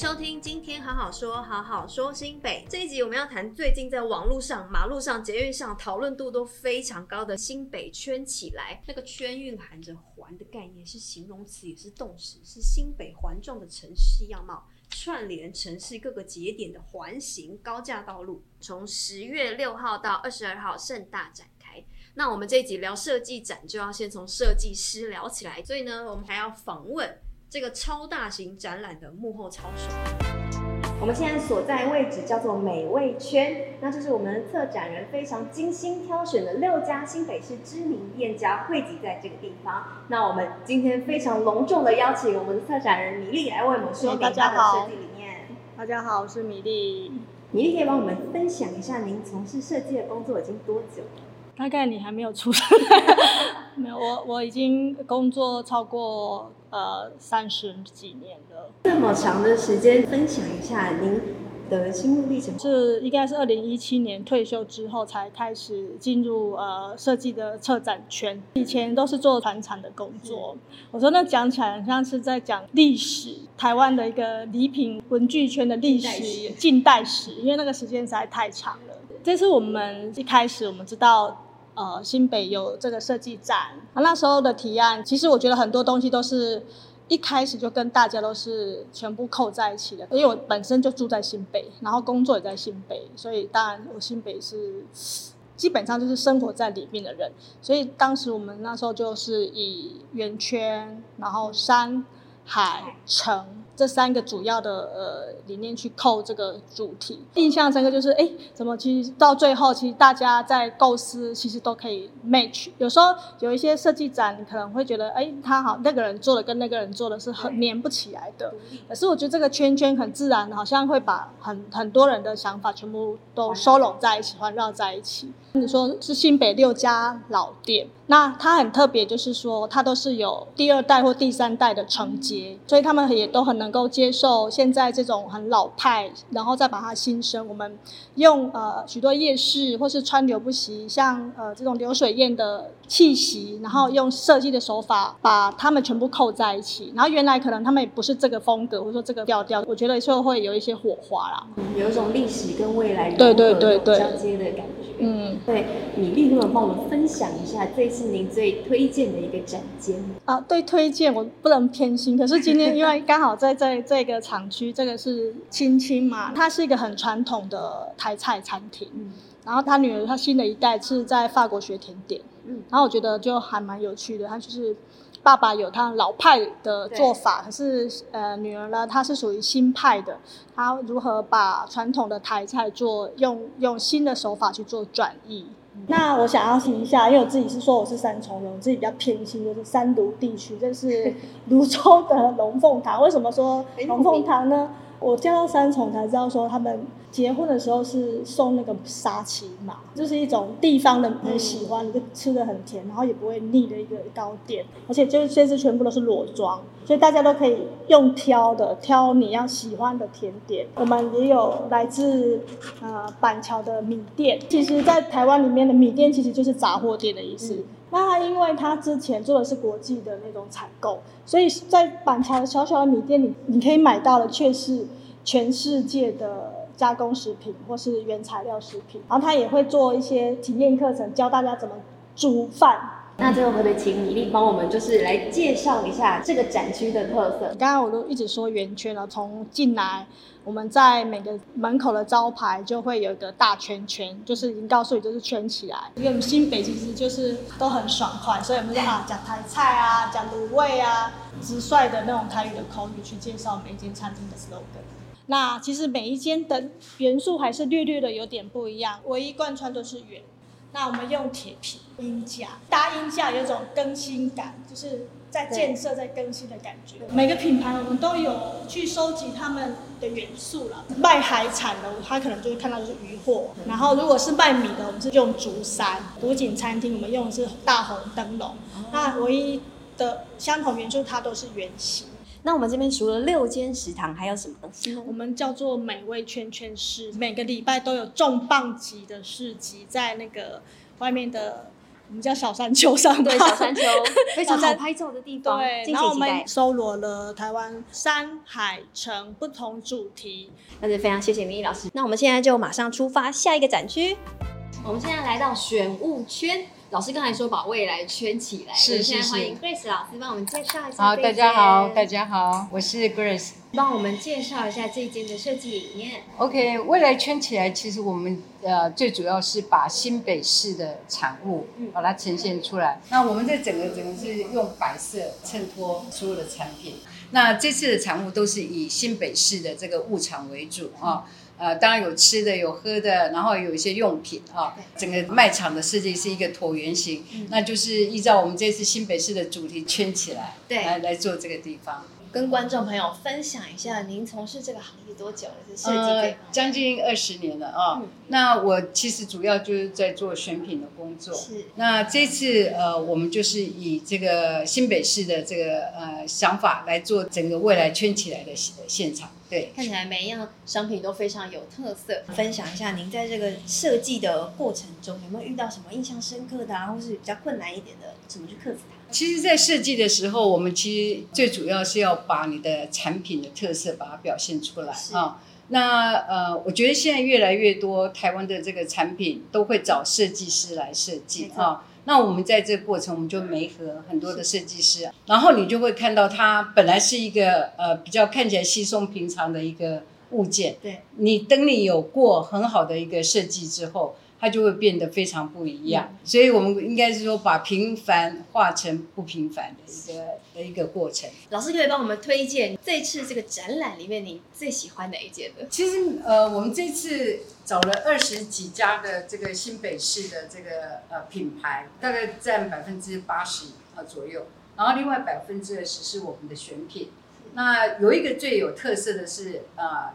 收聽今天好好說，好好說新北這一集，我們要談最近在網絡上、馬路上、捷運上討論度都非常高的新北圈起來。那個圈蘊含着環的概念，是形容詞，也是動詞，是新北環狀的城市樣貌，串聯城市各個節點的環形高架道路。從十月六號到二十二號盛大展開。那我們這一集聊設計展，就要先從設計師聊起來，所以呢，我們還要訪問。這個超大型展覽的幕後操手，我們現在所在位置叫做美味圈，那就是我們策展人非常精心挑選的六家新北市知名店家匯集在這個地方。那我們今天非常隆重的邀請我們的策展人米粒來為我們說明他的設計理念。大家好，大家好，我是米粒。嗯，米粒可以幫我們分享一下您從事設計的工作已經多久了？大概你還沒有出生， 沒有我我已經工作超過。呃，三十幾年了。這麼長的時間，分享一下您的心路歷程。是，應該是二零一七年退休之後才開始進入呃設計的策展圈，以前都是做傳產的工作。嗯、我說那講起來很像是在講歷史，台灣的一個禮品文具圈的歷史、近代史，因為那個時間實在太長了。這次我們一開始我們知道。呃，新北有這個設計展，那時候的提案，其實我覺得很多東西都是一開始就跟大家都是全部扣在一起的，因為我本身就住在新北，然後工作也在新北，所以當然我新北是基本上就是生活在裡面的人，所以當時我們那時候就是以圓圈，然後山、海、城。這三個主要的呃理念，去扣這個主題，印象深刻就是哎，怎麼其實到最後其實大家在構思其實都可以 match。有時候有一些設計展，你可能會覺得哎，他好那個人做的跟那個人做的是很黏不起來的，可是我覺得這個圈圈很自然，好像會把很很多人的想法全部都收攏在一起，環繞在一起。你說是新北六家老店。那它很特別，就是說它都是有第二代或第三代的承接，所以他們也都很能夠接受現在這種很老派，然後再把它新生。我們用呃許多夜市或是川流不息，像呃這種流水宴的氣息，然後用設計的手法把它們全部扣在一起。然後原來可能他們也不是這個風格，或者說這個調調，我覺得就會有一些火花啦，有一種歷史跟未來對對對對交接的感覺。嗯，對，米粒，能不能幫我們分享一下這一次您最推薦的一個展間啊？對推，推薦我不能偏心，可是今天因為剛好在在這個廠區， 這個是親親嘛，他是一個很傳統的台菜餐廳，嗯，然後他女兒他新的一代是在法國學甜點，嗯，然後我覺得就還蠻有趣的，他就是。爸爸有他老派的做法，可是呃，女兒呢，她是屬於新派的。她如何把傳統的台菜做用用新的手法去做轉譯？那我想要請一下，因為我自己是說我是三重人，我自己比較偏心，就是三蘆地區，這是蘆洲的龍鳳堂。為什麼說龍鳳堂呢？我見到三重才知道說他們。結婚的時候是送那個沙琪瑪，就是一種地方的喜歡，嗯、你就吃得很甜，然後也不會膩的一個糕點。而且就是這次全部都是裸裝，所以大家都可以用挑的，挑你要喜歡的甜點。我們也有來自呃板橋的米店，其實，在台灣裡面的米店其實就是雜貨店的意思。嗯、那他因為他之前做的是國際的那種採購，所以在板橋的小小的米店裡你，你可以買到的卻是全世界的。加工食品或是原材料食品，然後他也會做一些體驗課程，教大家怎麼煮飯。嗯。那最後特得請米粒幫我們，我們就是來介紹一下這個展區的特色。剛剛我都一直說圓圈了，從進來我們在每個門口的招牌就會有一個大圈圈，就是已經告訴你就是圈起來。因為我們新北其實就是都很爽快，所以我們就啊講台菜啊講滷味啊，直率的那種台語的口語去介紹每一間餐廳的 slogan。那其實每一間的元素還是略略的有點不一樣，唯一貫穿都是圓。那我們用鐵皮、衣架搭衣架，架有種更新感，就是在建設、哦、在更新的感覺。每個品牌我們都有去收集他們的元素了。賣海產的，他可能就會看到的是漁貨；然後如果是賣米的，我們是用竹山，古井餐廳我們用的是大紅燈籠。那唯一的相同元素，它都是圓形。那我們這邊除了六間食堂，還有什麼？我們叫做美味圈圈，是每個禮拜都有重磅級的市集在那個外面的，我們叫小山丘上。對，小山丘非常好拍照的地方。 對，然後我們搜羅了台灣山海城不同主題。那是非常謝謝明義老師。那我們現在就馬上出發下一個展區。我們現在來到選物圈。老師剛才說把未來圈起來，是是是。歡迎 Grace 老師幫我們介紹一下一。好，大家好，大家好，我是 Grace，幫我們介紹一下這間的設計理念。OK，未來圈起來，其實我們呃最主要是把新北市的產物，把它呈現出來。嗯、那我們這整個整個是用白色襯托所有的產品，嗯。那這次的產物都是以新北市的這個物產為主啊。嗯呃，當然有吃的，有喝的，然後有一些用品哈、哦，整個賣場的設計是一個橢圓形，嗯，那就是依照我們這次新北市的主題圈起來，對，來來做這個地方。跟觀眾朋友分享一下，您從事這個行業多久了？這設計的、呃。將近二十年了啊、哦嗯。那我其實主要就是在做選品的工作。是。那這次呃，我們就是以這個新北市的這個呃想法來做整個未來圈起來的現場。對。看起來每一樣商品都非常有特色。分享一下，您在這個設計的過程中有沒有遇到什麼印象深刻的、啊，或是比較困難一點的，怎麼去克服它？其實，在設計的時候，我們其實最主要是要把你的產品的特色把它表現出來啊、哦。那呃，我覺得現在越來越多台灣的這個產品都會找設計師來設計啊、哦。那我們在這個過程，我們就媒合很多的設計師，然後你就會看到它本來是一個呃比較看起來稀鬆平常的一個物件。對，你等你有過很好的一個設計之後。它就會變得非常不一樣，所以我們應該是說把平凡化成不平凡的一個的一個過程。老師可以幫我們推薦這次這個展覽裡面你最喜歡哪一件的？其實呃，我們這次找了二十幾家的這個新北市的這個呃品牌，大概佔百分之八十啊左右，然後另外百分之二十是我們的選品。那有一個最有特色的是呃。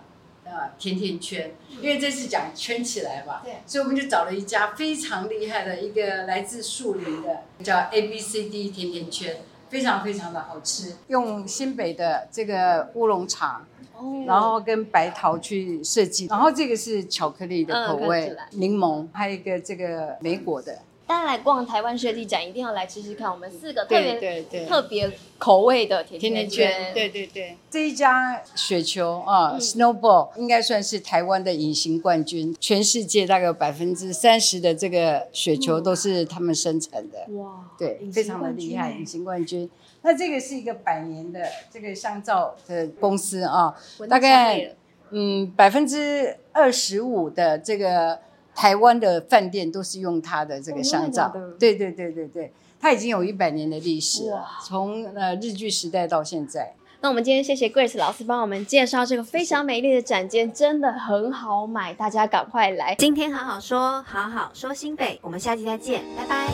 啊，甜甜圈，因為這是講圈起來吧，對，所以我們就找了一家非常厲害的一個來自樹林的，叫 ABCD 甜甜圈，非常非常的好吃，用新北的這個烏龍茶，哦，然後跟白桃去設計，哦，然後這個是巧克力的口味，嗯，檸檬，還有一個這個莓果的。嗯。大家來逛台灣設計展，一定要來吃吃看我們四個特別特別口味的甜甜圈。對對對，對，這一家雪球啊、嗯、，Snowball 應該算是台灣的隱形冠軍，全世界大概百分之三十的這個雪球都是他們生產的。嗯、哇，對，欸、非常的厲害，隱形冠軍。那這個是一個百年的這個香皂的公司啊，大概嗯百分之二十五的這個。台灣的飯店都是用它，的這個香皂，對，對對對對對，它已經有一百年的歷史了，從呃日據時代，到現在。那我們今天謝謝 Grace 老師幫我們介紹這個非常美麗的展間，真的很好買，大家趕快來！今天好好說，好好說新北，我們下期再見，拜拜。